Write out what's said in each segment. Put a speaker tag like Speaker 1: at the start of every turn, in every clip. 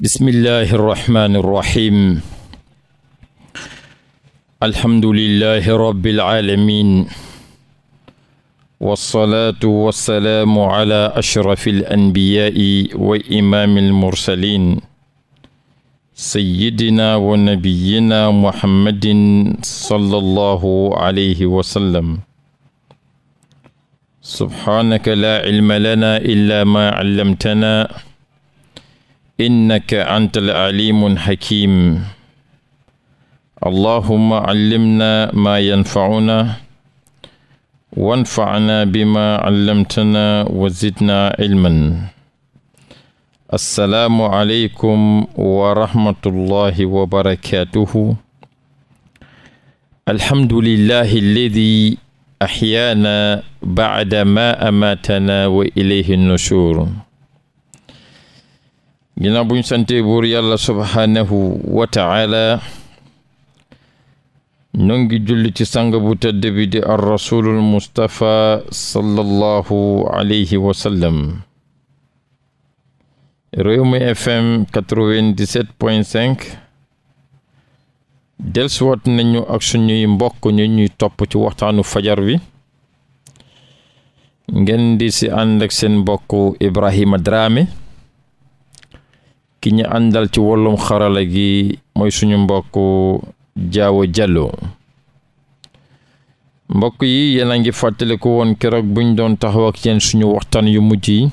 Speaker 1: bismillahi irrahmani irrahim alhamdulilahi rabbil alamin wasalaatu wasalaamu ala ashrafi alanbiyaai wa imaami almursalin sayidina wa nabiyina muhammadin sallallahu alayhi wa sallam subhaanaka laa cilma lana illa ma callamtana innaka anta al-aliimu al-hakiim allahumma callimna maa yanfacuna wanfacna bimaa callamtana wa zidna cilman assalaamu aleykum wa rahmatullahi wa barakaatuhu alhamdulillahi alladi axyaana bacda maa amaatana wa ilayhi nushuur ginnaaw bu ñu buur yàlla subhaanahu wa taala ñoo ngi julli ci sang bu tëdd bi di ar rasulul mustapha sallallahu alayhi wa sallam Rewmi FM 97.5 dellusiwaat nañu ak suñuy mbokku ñu ñuy topp ci waxtaanu fajar wi ngeen di si ànd seen mbokku Ibrahima Dramé ki ñu àndal ci wàllum xarala gi mooy suñu mbokk jaawo jallo mbokk yi yéen a ngi fàttaliku woon keroog buñ doon taxaw ak yéen suñu waxtaan yu mujj yi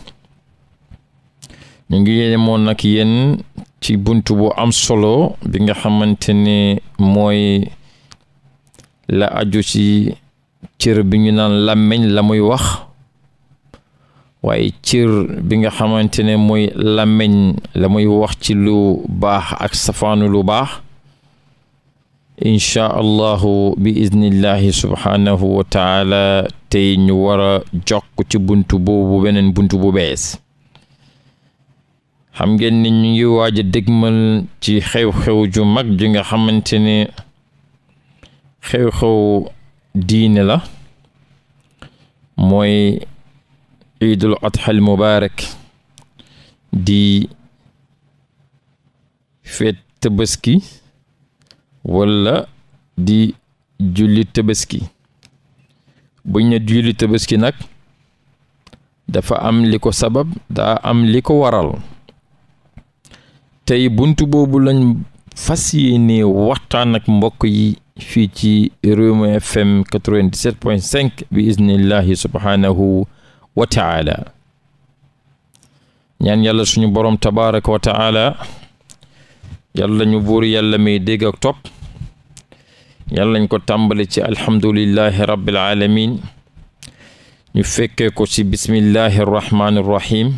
Speaker 1: ñu ngi yemoon nag yenn ci bunt bu am solo bi nga xamante ni mooy la aju ci cër bi ñu naan làmmiñ la muy wax waaye cër bi nga xamante ne mooy làmmiñ la muy wax ci lu baax ak safaanu lu baax inchaa allahu bi iznillahi subhaanahu wa taala tey ñu war a jokk ci bunt boobu beneen bunt bu bees xam ngeen ni ñu ngi waaj a dégmal ci xew-xew ju mag ji nga xamante ne xew-xew diine la mooy iidul adxal mubaarak di feet tabaski walla di julli tabaski buñ ne julli tabaski nag dafa am li ko sabab daa am li ko waral tey bunt boobu lañ fas yéene waxtaan ak mbokk yi fii ci Rewmi FM 97.5 bi iznillahi subhaanahu wa taala ñaan yàlla suñu borom tabaraka wa taala yàlla ñu buur yàlla may dégg ak topp yàlla ñu ko tàmbali ci alhamdulillahi rabbil alamin ñu fekkee ko ci bismillahi rahmaani rahim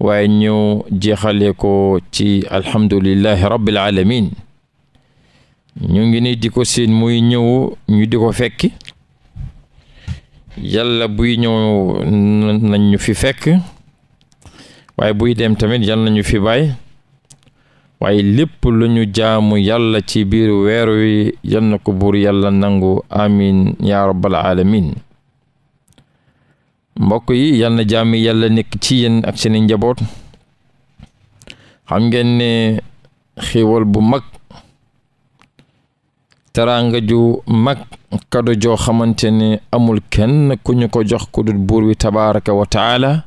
Speaker 1: waaye ñu jeexalee ko ci alhamdulillahi rabbil alamin ñu ngi ni di ko seen muy ñëw ñu di ko fekki yàlla buy ñëw nañ ñu fi fekk waaye buy dem tamit yàlla nañu fi bàyyi waaye lépp lu jaamu yàlla ci biir weer wi yal ko buur yàlla nangu amin ya rabbal alamin mbokk yi yal na jaami yàlla nekk ci yéen ak seeni njaboot xam ngeen ne xéewal bu mag teraanga ju mag kado joo xamante ne amul kenn ku ñu ko jox ku dul buur wi tabaraka wa taala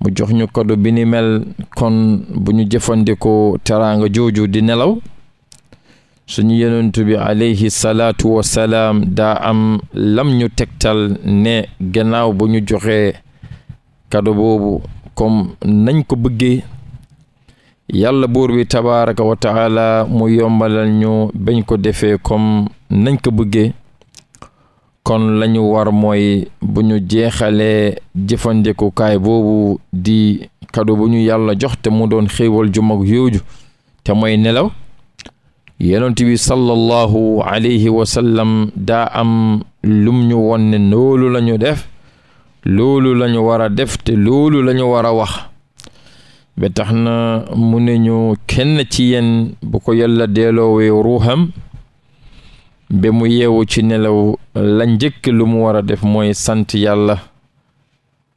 Speaker 1: mu jox ñu kado bi ni mel kon bu ñu jëfandikoo teraanga jooju di nelaw suñu yonent bi alayhi salaatu wa salaam daa am lam ñu tegtal ne gannaaw bu ñu joxee kado boobu comme nañ ko bëggee yàlla buur bi tabaaraka wa mu yombalal ñu bañ ko defee comme nañ ko bëggee kon lañu war mooy bu ñu jeexalee jëfandikukaay boobu di kado bu ñu yàlla jox te mu doon xéewal ju mag yooju te mooy nelaw yonent bi sallallahu alayhi wa sallam daa am lum ñu won loolu la ñu def loolu lañu ñu war a def te loolu lañu ñu war a wax ba tax na mu ne ñu kenn ci yéen bu ko yàlla deeloowee ruuxam ba mu yeewu ci nelaw la njëkk lu mu war a def mooy sant yàlla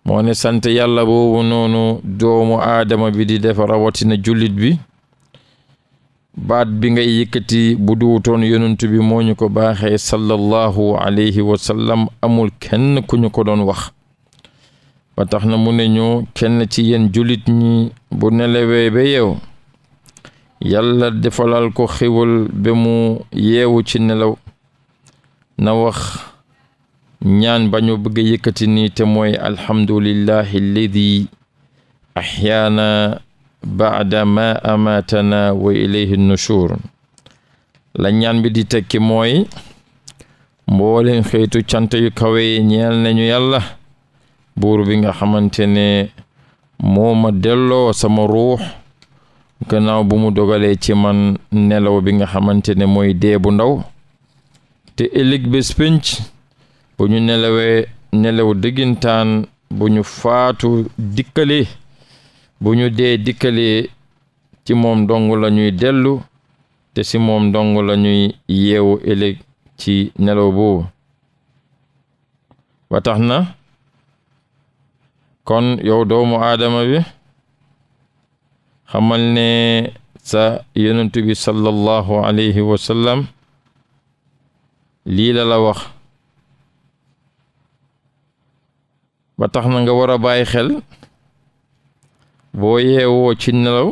Speaker 1: moo ne sant yàlla boobu noonu doomu aadama bi di def rawatina jullit bi baat bi ngay yëkkati bu duwutoon yonent bi mooñu ko baaxee sallallahu alayhi wa amul kenn ku ñu ko doon wax ba tax na mu ne ñu kenn ci yéen julit ñi bu nelawee ba yeew yàlla defalal ko xiwal ba mu yeewu ci nelaw na wax ñaan ba ñu bëgg yëkkati nii te mooy alhamdulillahi alladi axyaana baada ma amatana wa ilayhi nushur la ñaan bi di tekki mooy mbooleen xeetu cant yu kawe ñeel nañu yàlla buur bi nga xamante ne moo ma delloo sama ruux gannaaw bu mu dogalee ci man nelaw bi nga xamante ne mooy dee bu ndaw te ëllëg bés pénc bu ñu nelawee nelaw dëggintaan bu ñu faatu dikkalee bu ñu dee dikkalee ci moom dong lañuy ñuy dellu te si moom dong lañuy ñuy yeewu ëllëg ci nelaw boobu ba tax na kon yow doomu aadama bi xamal ne sa yonent bi sallallahu alayhi wa sallam lii la la wax ba tax na nga war a bàyyi xel boo yeewoo ci nelaw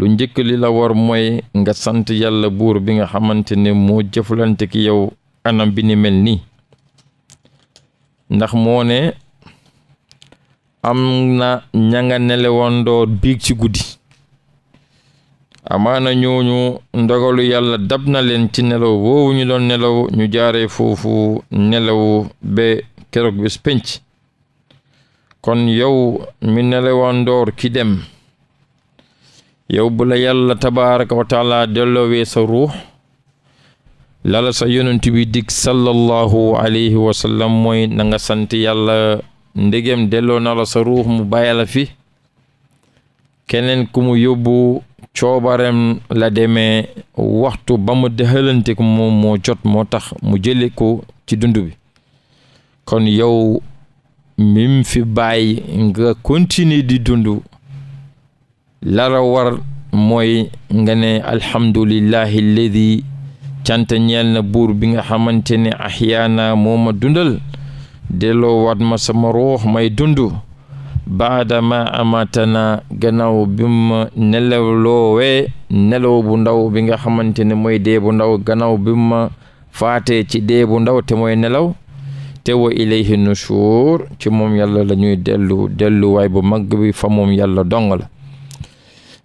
Speaker 1: lu njëkk li la war mooy nga sant yalla buur bi nga xamante ne moo jëflante ki yow anam bi ni mel nii ndax moo ne am na ñanga nga biig ci guddi amaana ñooñu ndogalu yàlla dab na leen ci nelaw woowu ñu doon nelaw ñu jaaree foofu nelaw be keroog bés penc kon yow mi nelewandoor ki dem yow bula la yàlla tabaraka wa taala delloowee sa ruux lala sa yonent bi dig sallallahu alayhi wa sallam mooy na sant yàlla ndegem delloo nala la ruux mu bàyyi la fi keneen ku mu yóbbu coobarem la demee waxtu ba mu dëxalante ko moom moo jot moo tax mu jële ko ci dundu bi kon yow mim fi bàyyi nga continuer di dund lara war mooy nga ne alhamdulillahi alladi cant ñeel na buur bi nga xamante ne axiyaana moo ma dundal delloo waat ma sama ruux may dund baadama amatana gannaaw bi ma nelawloowee nelaw bu ndaw bi nga xamante ne mooy dee bu ndaw gannaaw bi ma faatee ci dee bu ndaw te mooy nelaw te wa ilayhi nushur ci moom yàlla la ñuy dellu delluwaay bu mag bi fa moom yàlla dong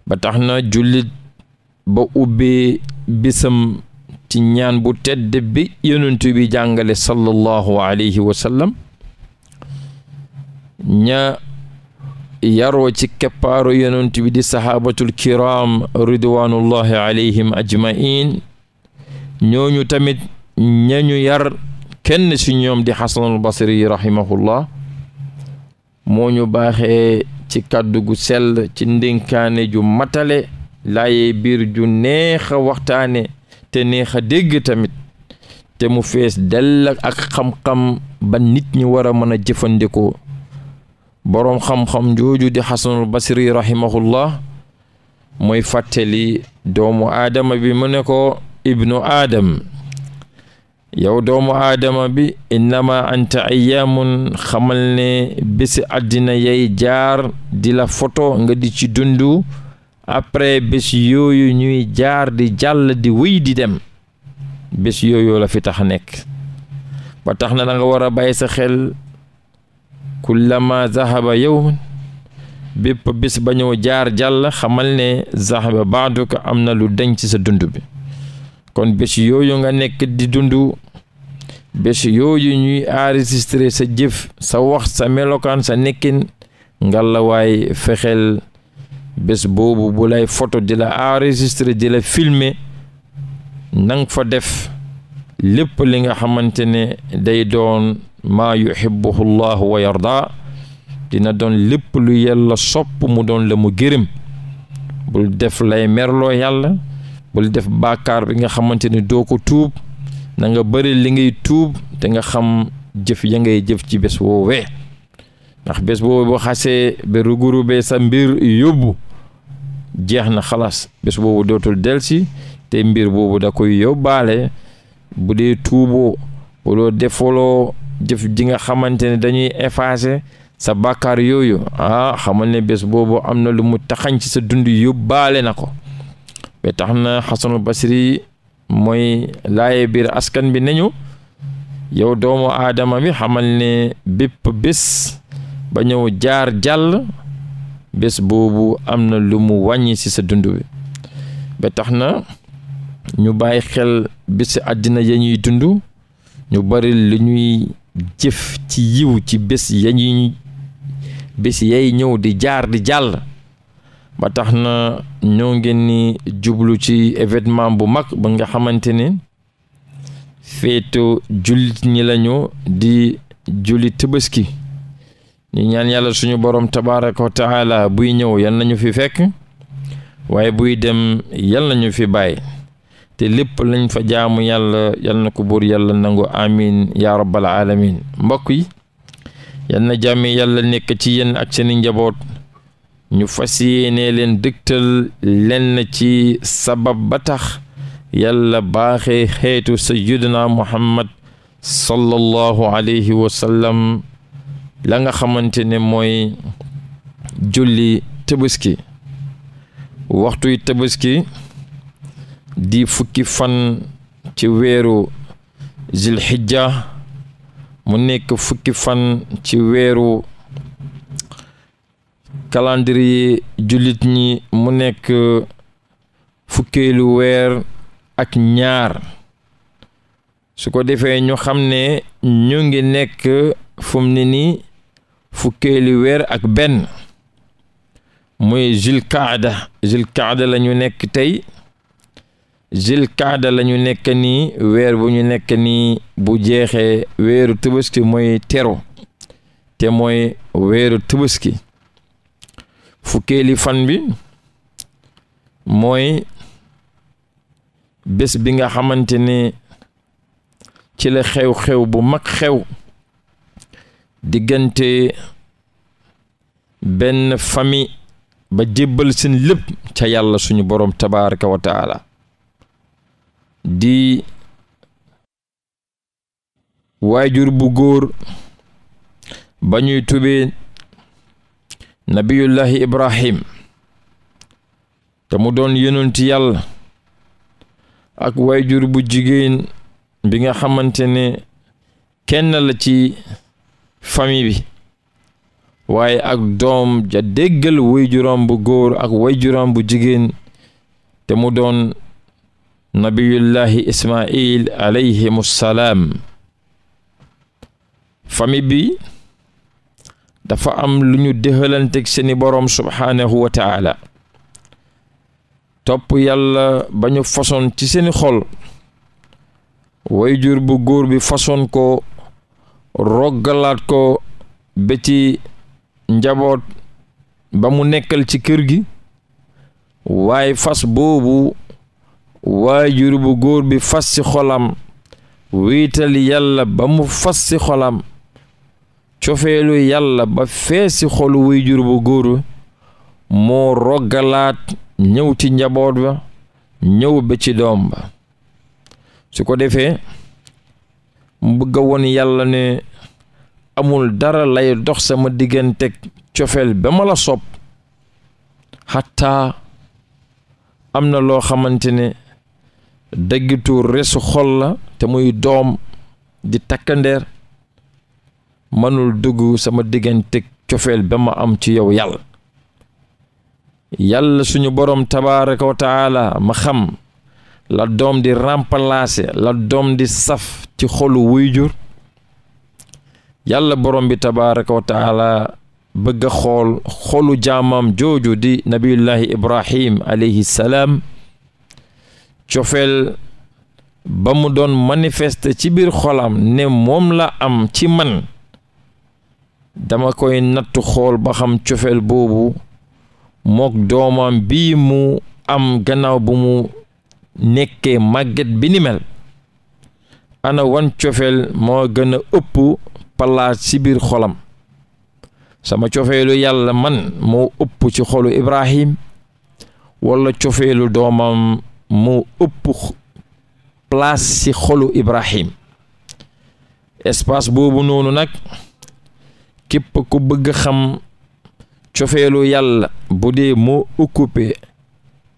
Speaker 1: ba tax na jullit ba ubbee bisam ci ñaan bu tedd bi yonent bi jàngale sallallahu alayhi wa sallam ña yaroo ci keppaaru yonent bi di saxaabatul kiram ridwanullahi alayhim ajmain ñooñu tamit ñañu yar kenn ci ñoom di xasanul basri rahimahullah moo ñu baaxee ci kàddu gu sell ci ndénkaane ju matale laaye ju neex waxtaane te neex a dégg tamit te mu fees dell ak xam-xam ba nit ñi war a mën a jëfandikoo boroom xam-xam jooju di xasanul basri rahimahullah mooy fàttali doomu aadama bi mu ko ibnu aadam yow doomu aadama bi innama anta ayaamun xamal ne bési àddina yay jaar di la foto nga di ci dundu après bés yooyu ñuy jaar di jàll di wéy di dem bés yooyu la fi tax nekk ba tax na danga war a bàyyi sa xel ku lama zahaba yow bépp bés ba ñëw jaar jàll xamal ne zahaba baaduka am na lu denc ci sa dund bi kon bés yooyu nga nekk di dund bés yooyu ñuy enregistré sa jëf sa wax sa melokaan sa nekkin ngalla waay fexeel bés boobu bu lay photo di la enregistré di la filmer nang fa def lépp li nga xamante ne day doon ma yuhibbuhu llahu wa yarda dina doon lépp lu yàlla sopp mu doon la mu gërëm bul def lay merloo yàlla bul def bàkkaar bi nga xamante ne doo ko tuub na nga bëri li ngay tuub te nga xam jëf ya ngay jëf ci bés woowee ndax bés boobu boo xasee ba rugurubee sa mbir yobbu jeex na xalaas bés boobu dootul delsi te mbir boobu da koy yóbbaale bu dee tuuboo wala defaloo jëf ji nga xamante ne dañuy effacer sa bàkkaar yooyu ah xamal ne bés boobu am na lu mu taxañ ci sa dund yóbbaale na ko ba tax na xasanul basri mooy laaye biir askan bi nañu yow doomu aadama bi xamal ne bépp bés ba ñëw jaar jàll bés boobu am na lu mu wàññi ci sa dund bi ba tax na ñu bàyyi xel bési àddina ya ñuy dund ñu bari lu ñuy jëf ci yiw ci bés ya bés yay ñëw di jaar di jàll ba tax na ñoo ngeen ni jublu ci événement bu mag ba nga xamante ne feetu jullit ñi lañu di julli tëbaski ñu ñaan yàlla suñu borom tabaaraka wa buy ñëw yal nañu fi fekk waaye buy dem yal nañu fi bàyyi te lépp lañ fa jaamu yàlla yal na ko buur yàlla nangu amin ya rabbal alamin mbokk yi yal na jàmmi yàlla nekk ci yéen ak seeni njaboot ñu fas yéene leen dëgtal lenn ci sabab ba tax yàlla baaxee xeetu sayyidina muhammad sallallahu alayhi wa la nga xamante ne mooy julli tabaski waxtuy tabaski di fukki fan ci weeru zilxijja mu nekk fukki fan ci weeru calendrier jullit ñi mu nekk fukkeelu weer ak ñaar su ko defee ñu xam ne ñu ngi nekk fum ni nii fukkeeli weer ak benn muy Zulkaada Zulkaada la ñu nekk tey Zulkaada la ñu nekk nii weer bu ñu nekk nii bu jeexee weeru Tabaski mooy teru te mooy weeru Tabaski fukkeeli fan bi mooy bés bi nga xamante ne ci la xew-xew bu mag xew diggante benn famille ba jébbal seen lépp ca yàlla suñu boroom tabaraka wa di waajur bu góor ba ñuy tubee nabiyullahi ibrahim te mu doon yonenti yàlla ak waajur bu jigéen bi nga xamante ne kenn la ci famille bi waaye ak doom ja déggal wayjuram bu góor ak wayjuram bu jigéen te mu doon nabiyullahi ismail alayhimu salaam bi dafa am lu ñu dëxalanteeg seeni boroom subhaanahu wa topp yàlla bañu ñu ci seeni xol wayjur bu góor bi façon ko roggalaat ko ba ci njaboot ba mu nekkal ci kër gi waaye fas boobu waajur bu góor bi fas ci xolam wiital yàlla ba mu fas ci xolam cofeelu yàlla ba fees ci xolu waajur bu góor moo roggalaat ñëw ci njaboot ba ñëw ba ci doom ba su ko defee mu bëgg a won yàlla ne amul dara lay dox sama digganteeg cofeel ba ma la sopp xataa am na loo xamante ne daggitu resu xol la te muy doom di takkandeer mënul dugg sama digganteeg cofeel ba ma am ci yow yàlla yàlla suñu boroom tabaaraka wa taala ma xam la doom di remplacer la doom di saf ci xolu wuyjur yàlla borom bi tabaraka wa taala bëgg a xool xolu jaamam jooju di nabiyullahi ibrahim alayhi salaam cofeel ba mu doon manifeste ci biir xolam ne moom la am ci man dama koy nattu xool ba xam cofeel boobu mook doomam bii mu am gannaaw bu mu nekkee màgget bi ni mel ana wan cofeel moo gën a ëpp palaas ci biir xolam sama cofeelu yàlla man moo ëpp ci xolu Ibrahim wala cofeelu doomam moo ëpp place ci xolu Ibrahim espace boobu noonu nag képp ku bëgg xam cofeelu yàlla bu dee moo occupé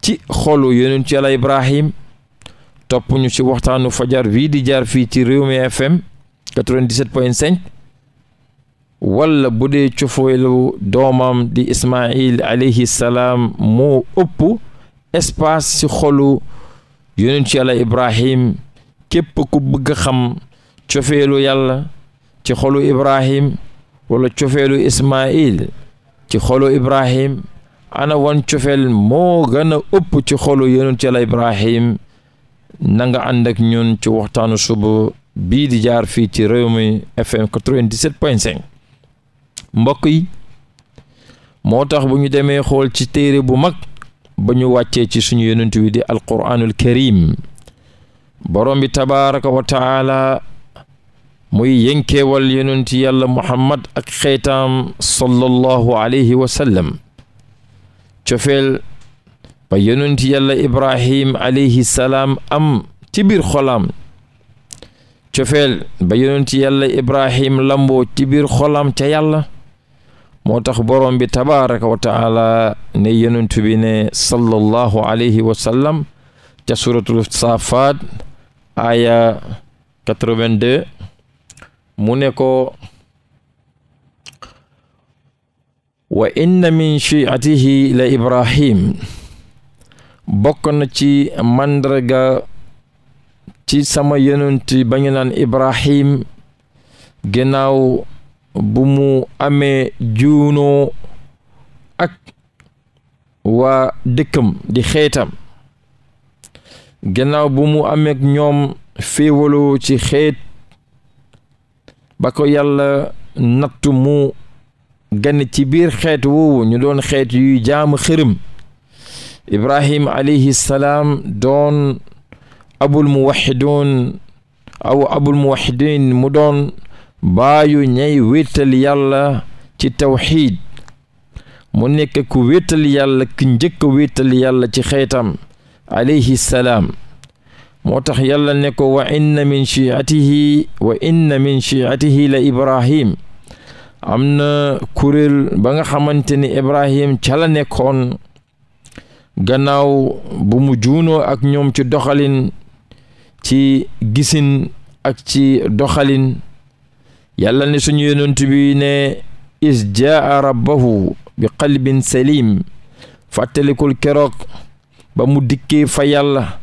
Speaker 1: ci xolu yonent yàlla Ibrahim topp ñu ci waxtaanu fajar wii di jaar fii ci réew Rewmi FM 97.5 wala bu dee cofeelu doomam di Ismaïl alayhi salaam moo ëpp espace ci xolu yonent yàlla Ibrahim képp ku bëgg xam cofeelu yàlla ci xolu Ibrahim wala cofeelu Ismaïl ci xolu Ibrahim. ana wan cofeel moo gën a ëpp ci xolu yonent Yàlla Ibrahim na nga ñun ci waxtaanu suba bii di jaar fii ci Rewmi FM 97.5 mbokk yi moo tax bu ñu demee xool ci téere bu mag ba ñu wàccee ci suñu yonent wi di alquraanul karim borom bi tabaaraka wa taala muy yënkeewal yonent yàlla muhammad ak xeetaam sallallahu alayhi wa cofeel ba yonent yàlla ibrahim alayhi salaam am ci biir xolaam cofeel ba yonent yàlla ibrahim lamboo ci biir xolaam ca yàlla moo tax borom bi tabaraka wa taala ne yonent bi ne sallallahu alayhi wa ca suratul saafaat aya 82 mu ne ko wa inna min chiatihi la ibrahim bokk na ci màndarga ci sama yonent bañu naan ibrahim ginnaaw bu mu amee juunoo ak waa dëkkam di xeetam ginnaaw bu mu amee ñoom féewaloo ci xeet ba ko yàlla nattu mu gan ci biir xeet woowu ñu doon xeet yuy jaamu xërëm ibrahim alayhi salaam doon abul muwaxidoon aw abul muwaxidin mu doon baayu ñay wéetal yàlla ci tawxiid mu nekk ku wéetal yàlla ku njëkk a wéetal yàlla ci xeetam alayhi salaam moo tax yàlla ne ko wa inna min chiatihi la ibrahim am na kuréel ba nga xamante ni Ibrahim ca la nekkoon gannaaw bu mu juunoo ak ñoom ci doxalin ci gisin ak ci doxalin yàlla ne suñu yonent bi ne is jaa rabbahu bi qalbin salim fàttalikul keroog ba mu dikkee fa yàlla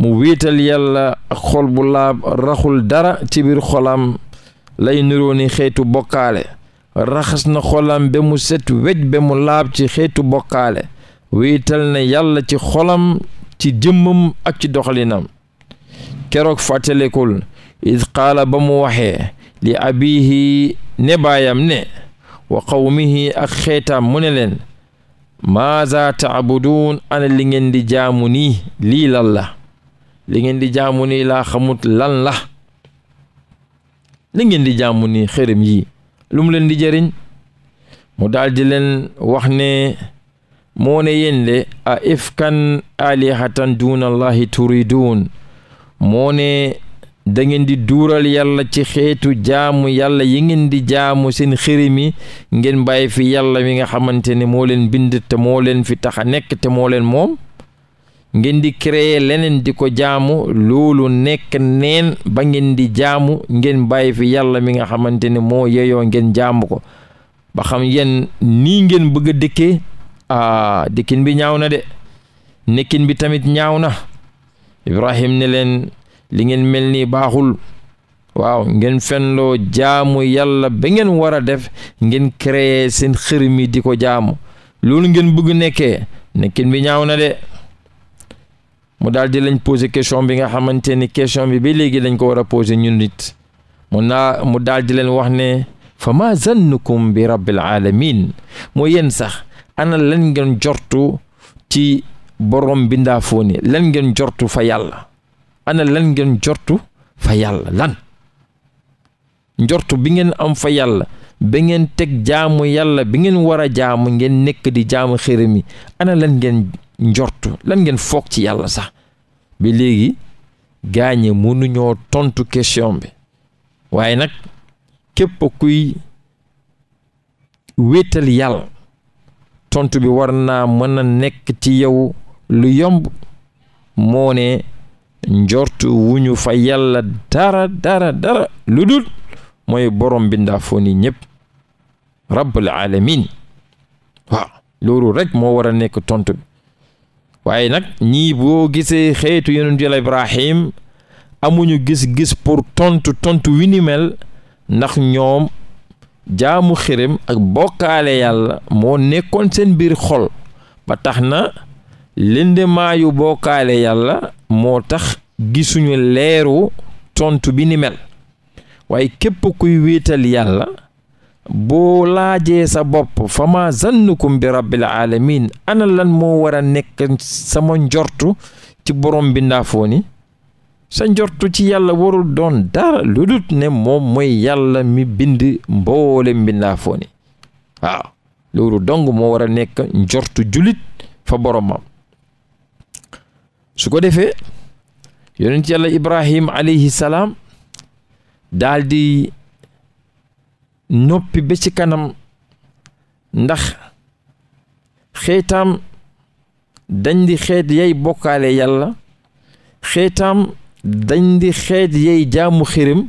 Speaker 1: mu wiital yàlla ak xol bu laab raxul dara ci biir xolam lay niroo ni xeetu bokkaale raxas na xolam ba mu set wecc ba mu laab ci xeetu bokkaale wiital na yàlla ci xolam ci jëmmam ak ci doxalinam keroog fàttalekul id qaala ba mu waxee li abihi ne baayam ne wa qawmihi ak xeetaam mu ne leen maaza taabuduun ana li ngeen di jaamu nii lii lan la li ngeen di jaamu nii laa xamut lan la ngeen di jaamu nii xërëm yi lu mu leen di jëriñ mu daldi leen wax ne moo ne yéen de a ifkan alihatan duna allahi turidun moo ne da di duural yàlla ci xeetu jaamu yàlla yi ngeen di jaamu seen xirimi ngeen bàyyi fi yàlla mi nga xamante ne moo leen bind te moo leen fi tax a nekk moo leen moom ngeen di créer leneen di ko jaamu loolu nekk neen ba ngeen di jaamu ngeen bàyyi fi yàlla mi nga xamante ne moo yeyoo ngeen jaamu ko ba xam yéen nii ngeen bëgg a dëkkee ah, dëkkin bi ñaaw na de nekkin bi tamit ñaaw na Ibrahim ne leen li ngeen mel ni baaxul waaw ngeen fenloo jaamu yàlla ba ngeen war a def ngeen créer seen xërmi di ko jaamu loolu ngeen bëgg nekkee nekkin bi ñaaw na de mu daal di lañ posé question bi nga xamante ni question bi ba léegi lañ ko war a posé ñun nit mu naa mu daal di leen wax ne fa ma zannukum bi rabbil alamin moo yéen sax ana lan ngeen jortu ci borom bindaafoon yi lan ngeen jortu fa yàlla ana lan ngeen jortu fa yàlla lan njortu bi ngeen am fa yàlla ba ngeen teg jaamu yàlla bi ngeen war a jaamu ngeen nekk di jaamu xërëm yi ana lan ngeen njort lan ngeen foog ci yàlla sax ba léegi gaañe mënuñoo tontu question bi waaye nag képp kuy wéetal yàlla tontu bi war naa mën a nekk ci yow lu yomb moo ne njortu wuñu fa yàlla dara dara dara lu dul mooy borom bindaa foo ni ñëpp rabbul alamin waaw loolu rek moo war a nekk tontu bi waaye nag ñii boo gisee xeetu yonentu yàlla Ibrahim amuñu gis-gis pour tontu tontu wi ndax ñoom jaamu xirim ak bokkaale yàlla moo nekkoon seen biir xol ba tax na lëndemaayu bokkaale yàlla moo tax gisuñu leeru tontu bi ni waaye képp kuy wéetal yàlla boo laajee sa bopp fa ma zannukum bi rabbil alamin ana lan moo war a nekk sama njortu ci borom bi ndaafooni sa njortu ci yàlla warul doon dara lu ne moom mooy yàlla mi bind mboole mbindaafooni waaw loolu dong moo wara nekk njortu julit fa boromam su ko defee yonent yàlla ibrahim alayhi salaam noppi ba ci kanam ndax xeetam dañ di xeet yay bokkaale yàlla xeetam dañ di xeet yay jaamu xirim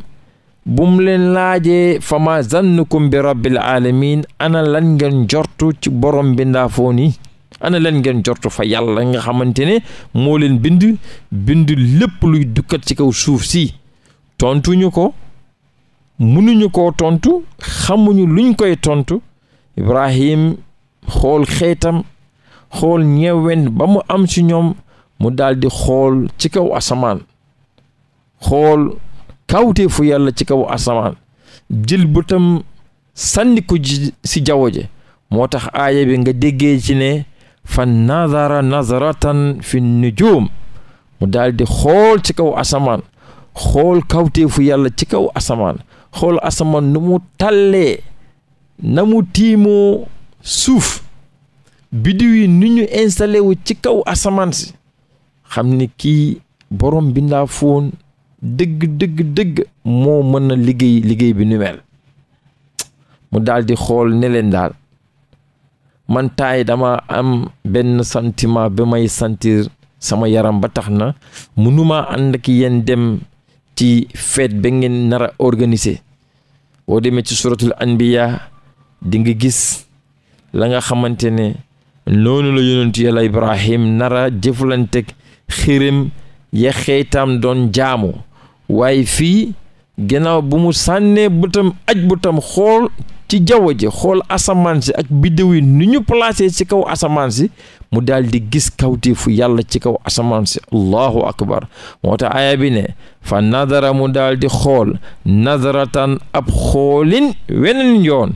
Speaker 1: bu mu leen laajee fama zannukum bi rabbil alamin ana lan ngeen jortu ci borom bi ndaafoon yi ana lan ngeen jortu fa yàlla nga xamante ne moo leen bind bind lépp luy dukkat ci kaw suuf si tontuñu ko mënuñu koo tontu xamuñu luñ koy tontu Ibrahim xool xeetam xool ñewen ba mu am ci ñoom mu daldi xool ci kaw asamaan xool kawtee fu yàlla ci kaw asamaan jël bëtam sànni ko ci jaww ji moo tax aaya bi nga déggee ci ne fa nazara nazaratan fi jóom mu daldi xool ci kaw asamaan xool kawtee fu yàlla ci kaw asamaan xool asamaan nu mu tàllee na mu tiimoo suuf biddiw yi ni ñu installé wu ci kaw asamaan si xam ni kii borom bi ndaa foon dëgg dëgg dëgg moo mën na liggéey liggéey bi nu mel mu daldi xool ne leen daal man dama am benn santiment ba may sentir sama yaram ba tax na mënuma ànd ak yéen dem ci fête ba ngeen nara a organiser demee ci suratul anbiya di nga gis la nga xamante ne noonu la yonentu yàlla ibrahim nara jëflanteg xirim ya xeetam doon jaamu waaye fii gannaaw bu mu sànnee bëtam aj bëtam xool ci jaww ji xool asamaan si ak biddew yi ni ñu placé ci kaw asamaan si mu daldi di gis kawteefu yàlla ci kaw asamaan si allahu akbar moo tax aaya bi ne fa nadara mu daldi di xool nadaratan ab xoolin weneen yoon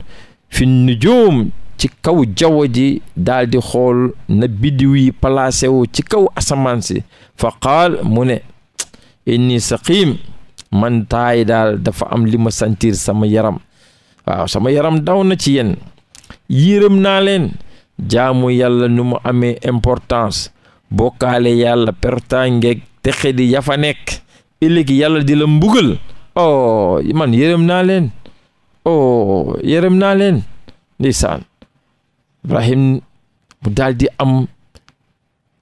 Speaker 1: fi nujuum ci kaw jaww ji daldi xool na biddiw yi placé wu ci kaw asamaan si fa qaal mu ne inni saqim man taay daal dafa am li ma sentir sama yaram waaw sama yaram daw na ci yéen yërëm naa leen jaamu yàlla nu mu amee importance bokkaale yàlla pertangeeg texe di yafa nekk ëllëg yàlla di la mbugal oh man yërëm naa leen oh yërëm naa leen ndeysaan Ibrahim mu daal di am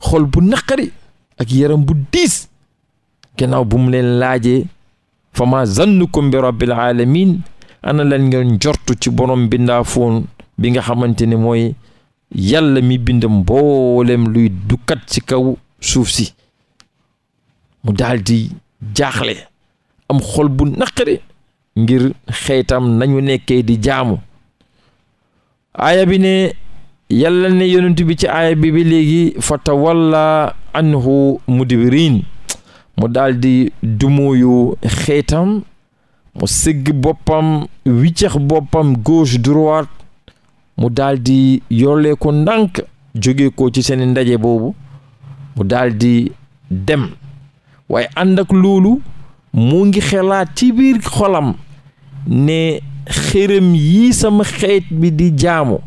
Speaker 1: xol bu naqari ak yaram bu diis gannaaw bu mu leen laajee fa ma zannukum bi rabbil alamin ana lan nga njortu ci borom bindaafoon bi nga xamante ne mooy yàlla mi bind mboolem luy dukkat ci kaw suuf si mu daldi jaaxle am xol bu naqari ngir xeetam nañu nekke di jaamu aaya bi ne yàlla ne yonent bi ci aaya bi ba léegi fatawalla anhu mudibiriin mu daldi dumooyu xeetam mu sëgg boppam wiccax boppam gauche droite mu daldi di ndànk jóge ko ci seeni ndaje boobu mu daldi dem waaye ànd ak loolu mu ngi xelaat ci biir xolam ne xërëm yi sama xeet bi di jaamu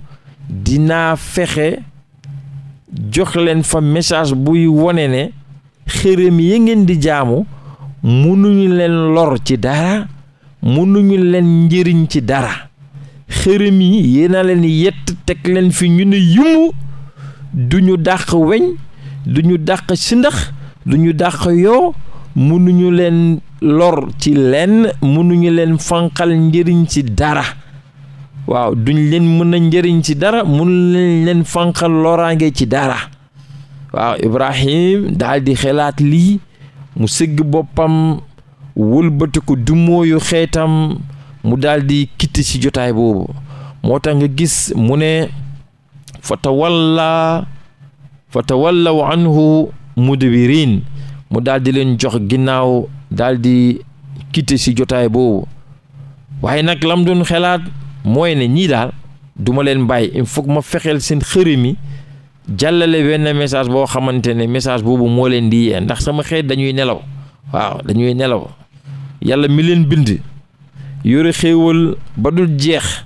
Speaker 1: dinaa fexe jox leen fa message buy wone ne xërëm yi ngeen di jaamu mënuñu leen lor ci dara mënuñu leen njëriñ ci dara xërëm yi yéena leen yett teg leen fi ñu ne yumu duñu dàq weñ duñu dàq sindax duñu dàq yoo mënuñu leen lor ci lenn mënuñu leen fanqal njëriñ ci dara waaw duñ leen mën a njëriñ ci dara mënu leen leen fanqal loraange ci dara waaw Ibrahim daal di lii mu sëgg boppam wëlbati ko du xeetam mu daldi di kitti ci jotaay boobu moo tax nga gis mu ne fa tawalla fa tawallaw anhu mudbirin mu daal di leen jox ginnaaw daal di kitte ci jotaay boobu waaye nag lam doon xelaat mooy ne ñii daal duma leen bàyyi il faut ma fexeel seen xërëm mi jàllale wenn message boo xamante ne message boobu moo leen di yee ndax sama xeet dañuy nelaw waaw dañuy nelaw yàlla mi bind yore xéewal ba dul jeex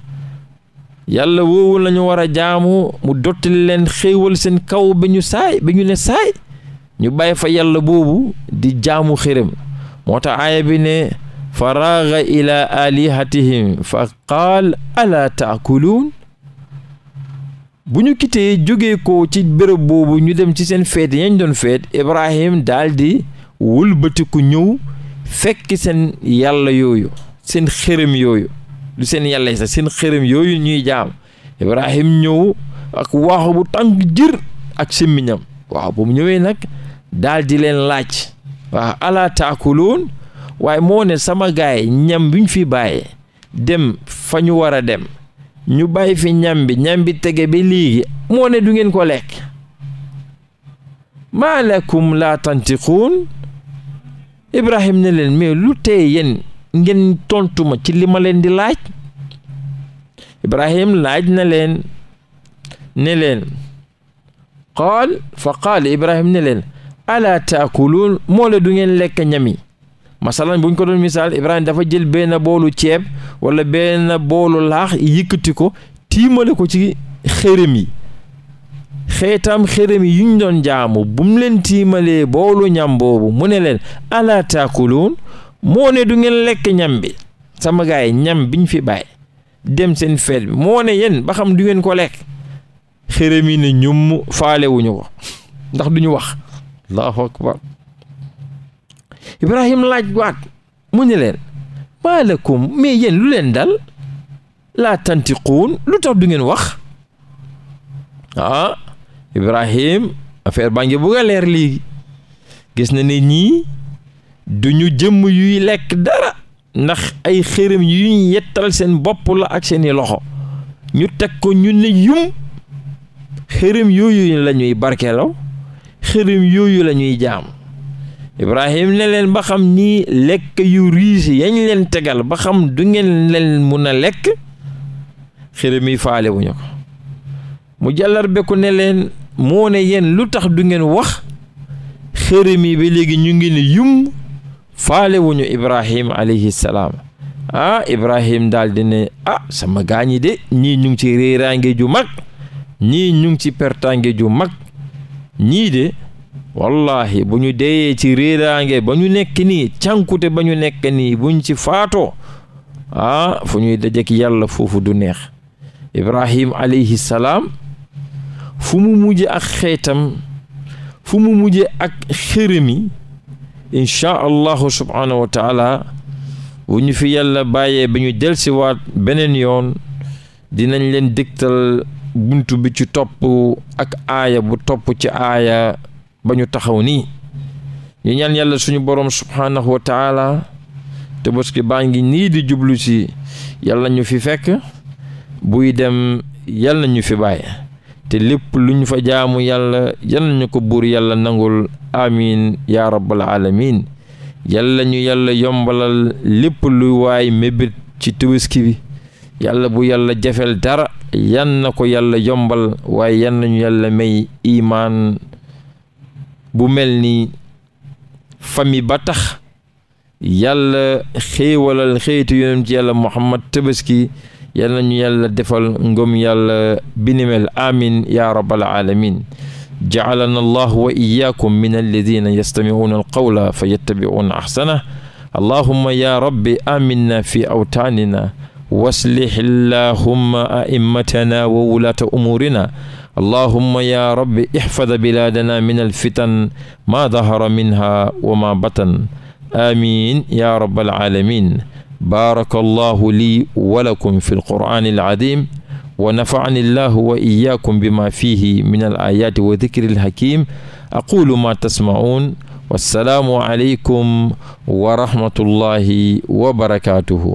Speaker 1: yàlla woowu lañu war a jaamu mu dottali leen xéewal seen kaw ba ñu saay ba ñu ne saay ñu bàyyi fa yàlla boobu di jaamu xërëm moo tax aaya bi ne faraaga ila alihatihim fa qaal ala taakuluun bu ñu kitee jógee ko ci bërëb boobu ñu dem ci seen feet yañ doon feet ibrahim daal di wëlbatiku ñëw fekk seen yàlla yooyu seen xërëm yooyu du seen yàlla yi sax seen xërëm yooyu ñuy jaam Ibrahim ñëw ak waaxu bu tànk jër ak semmiñam waaw bu mu ñëwee nag daldi di leen laaj waaw ala taakuloon waaye moo ne sama gaay ñam bi ñu fi bàyyee dem fa ñu war dem ñu bàyyi fi ñam bi ñam bi tege ba léegi moo ne du ngeen ko lekk maa lakum laa tantiquun ibrahim ne leen mais lu tee yéen ngeen tontu ma ci li ma leen di laaj ibrahim laaj na leen ne leen qaal fa qaal ibrahim ne leen ala taakuluun moo du ngeen lekk ñami masalan buñ ko doon misaal ibrahim dafa jël benn boolu ceeb wala benn boolu laax yëkkati ko tiimale ko ci xërëm yi xeetam xërëm yuñ doon jaamu bum leen tiimalee boolu ñam boobu mu ne leen ala taakuluun moo ne du ngeen lekk ñam bi sama gaay ñam biñ fi bàyyi dem seen feet bi moo ne yéen ba xam du ngeen ko lekk xërëm ne ñum faalewuñu ko ndax duñu wax allahu akbar ibrahim laaj waat mu ne leen maalakum mais yéen lu leen dal laa tantiquun lu tax du ngeen wax ah, Ibrahim affaire baa ngi bugg leer léegi gis na ne du ñu jëmm yuy lekk dara ndax ay xërëm yuñ yettal seen bopp la ak seeni loxo ñu teg ko ñu ne yum xërëm yooyu lañuy ñuy barkeelaw xërëm yooyu lañuy ñuy jaam Ibrahim ne leen ba xam nii lekk yu riis yañ leen tegal ba xam du ngeen leen mun a lekk xërëm yi faale ko mu jàllar beku moo ne yéen lu tax du ngeen wax xërëm yi ba léegi ñu ngi ni yum faale wuñu ibrahim alayhi salaam ah ibrahim daal di ne ah sama gaañi de ñii ñu ngi ci réeraange ju mag ñii ñu ngi ci pertaange ju mag ñii de wallahi bu ñu deeyee ci réeraange ba ñu nekk nii cànkute ba ñu nekk nii buñ ci faatoo ah fu ñuy dajek yàlla foofu du neex ibrahim alayhi salaam fu mu mujje ak xeetam fu mu mujj ak xërëmi inchaa allahu subhaanahu wa taala ñu fi yàlla bàyyee bi ñu delsiwaat beneen yoon dinañ leen dégtal bunt bi ci topp ak aaya bu topp ci aaya ba ñu taxaw nii ñu ñaan yàlla suñu boroom subhaanahu wa taala te boski baa ngi nii di jublu si yàlla ñu fi fekk buy dem yàlla ñu fi bàyyi te lépp lu ñu fa jaamu yàlla yal nañu ko buur yàlla nangul amiin yaa rabbal aalamiin yàlla ñu yàlla yombalal lépp lu waay mébét ci tabaski bi yàlla bu yàlla jafel dara yan na ko yàlla yombal waaye yan nañu yàlla may imaan bu mel ni fami ba tax yàlla xéewalal xeetu yoonam ci yàlla muhammad tabaski yal nañu yàlla defal ngëm yàlla binimel amin ya rabbal alamin ja'alana allah wa iyaakum min alladina yastami'una alqawla fa yattabi'una ahsana allahumma ya rabbi aminna fi awtaanina waslih allahumma a'immatana wa wulata umurina allahumma ya rabbi ihfad biladana min alfitan ma dahara minha wa ma batan amin ya rabbal alamin baaraka allahu lii wa lakum fi alqur'ani alazim wa nafa'ani allahu wa iyaakum bima fihi min alayaati wa dikri alhakim aqulu ma tasma'un wassalaamu aleykum wa rahmatullahi wa barakatuhu